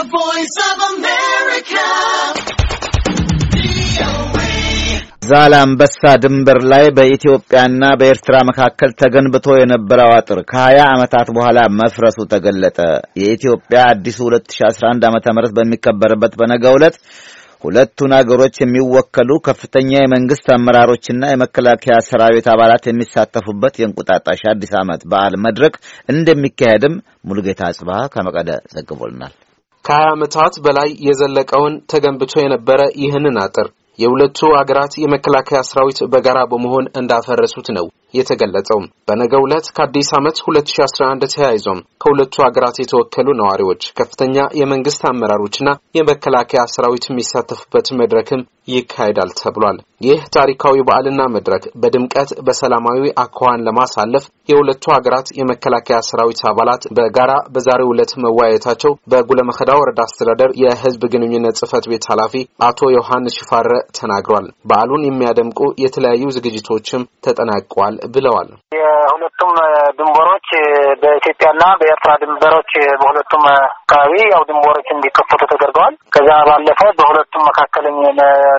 The Voice of America. ዛላምበሳ ድንበር ላይ በኢትዮጵያና በኤርትራ መካከል ተገንብቶ የነበረው አጥር ከ20 ዓመታት በኋላ መፍረሱ ተገለጠ። የኢትዮጵያ አዲሱ 2011 ዓ.ም በሚከበርበት በነገው ዕለት ሁለቱን አገሮች የሚወከሉ ከፍተኛ የመንግስት አመራሮችና የመከላከያ ሰራዊት አባላት የሚሳተፉበት የእንቁጣጣሽ አዲስ ዓመት በዓል መድረክ እንደሚካሄድም ሙሉጌታ አጽባህ ከመቀደ ዘግቦልናል። ከሀያ ዓመታት በላይ የዘለቀውን ተገንብቶ የነበረ ይህንን አጥር የሁለቱ አገራት የመከላከያ ሰራዊት በጋራ በመሆን እንዳፈረሱት ነው የተገለጸው። በነገው ዕለት ከአዲስ ዓመት 2011 ተያይዞም ከሁለቱ ሀገራት የተወከሉ ነዋሪዎች፣ ከፍተኛ የመንግስት አመራሮችና የመከላከያ ሰራዊት የሚሳተፉበት መድረክም ይካሄዳል ተብሏል። ይህ ታሪካዊ በዓልና መድረክ በድምቀት በሰላማዊ አኳኋን ለማሳለፍ የሁለቱ ሀገራት የመከላከያ ሰራዊት አባላት በጋራ በዛሬው ዕለት መወያየታቸው በጉለመኸዳ ወረዳ አስተዳደር የህዝብ ግንኙነት ጽህፈት ቤት ኃላፊ አቶ ዮሐንስ ሽፋረ ተናግሯል። በዓሉን የሚያደምቁ የተለያዩ ዝግጅቶችም ተጠናቀዋል ብለዋል። የሁለቱም ድንበሮች በኢትዮጵያና በኤርትራ ድንበሮች በሁለቱም አካባቢ ያው ድንበሮች እንዲከፈቱ ተደርገዋል። ከዛ ባለፈ በሁለቱም መካከለኝ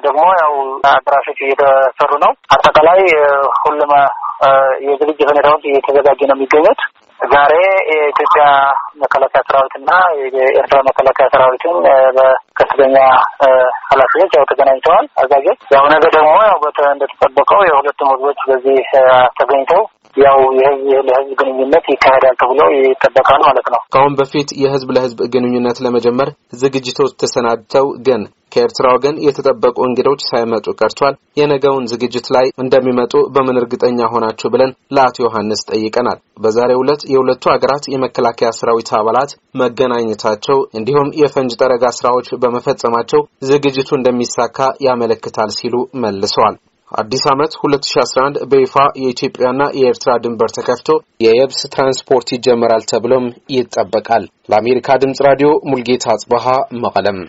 ደግሞ ያው አድራሾች እየተሰሩ ነው። አጠቃላይ ሁሉም የዝግጅት ሁኔታዎች እየተዘጋጀ ነው የሚገኙት። ዛሬ የኢትዮጵያ መከላከያ ሰራዊትና የኤርትራ መከላከያ ሰራዊትን በከፍተኛ ኃላፊዎች ያው ተገናኝተዋል። አዛዦች ያው ነገ ደግሞ ያው እንደተጠበቀው የሁለቱም ህዝቦች በዚህ ተገኝተው ያው የህዝብ ለህዝብ ግንኙነት ይካሄዳል ተብሎ ይጠበቃ ማለት ነው። ከአሁን በፊት የህዝብ ለህዝብ ግንኙነት ለመጀመር ዝግጅቶች ተሰናድተው ግን ከኤርትራ ወገን የተጠበቁ እንግዶች ሳይመጡ ቀርቷል። የነገውን ዝግጅት ላይ እንደሚመጡ በምን እርግጠኛ ሆናችሁ ብለን ለአቶ ዮሐንስ ጠይቀናል። በዛሬው ዕለት የሁለቱ ሀገራት የመከላከያ ሰራዊት አባላት መገናኘታቸው እንዲሁም የፈንጅ ጠረጋ ስራዎች በመፈጸማቸው ዝግጅቱ እንደሚሳካ ያመለክታል ሲሉ መልሰዋል። አዲስ ዓመት 2011 በይፋ የኢትዮጵያና የኤርትራ ድንበር ተከፍቶ የየብስ ትራንስፖርት ይጀመራል ተብሎም ይጠበቃል። ለአሜሪካ ድምጽ ራዲዮ ሙልጌታ አጽበሃ መቀለም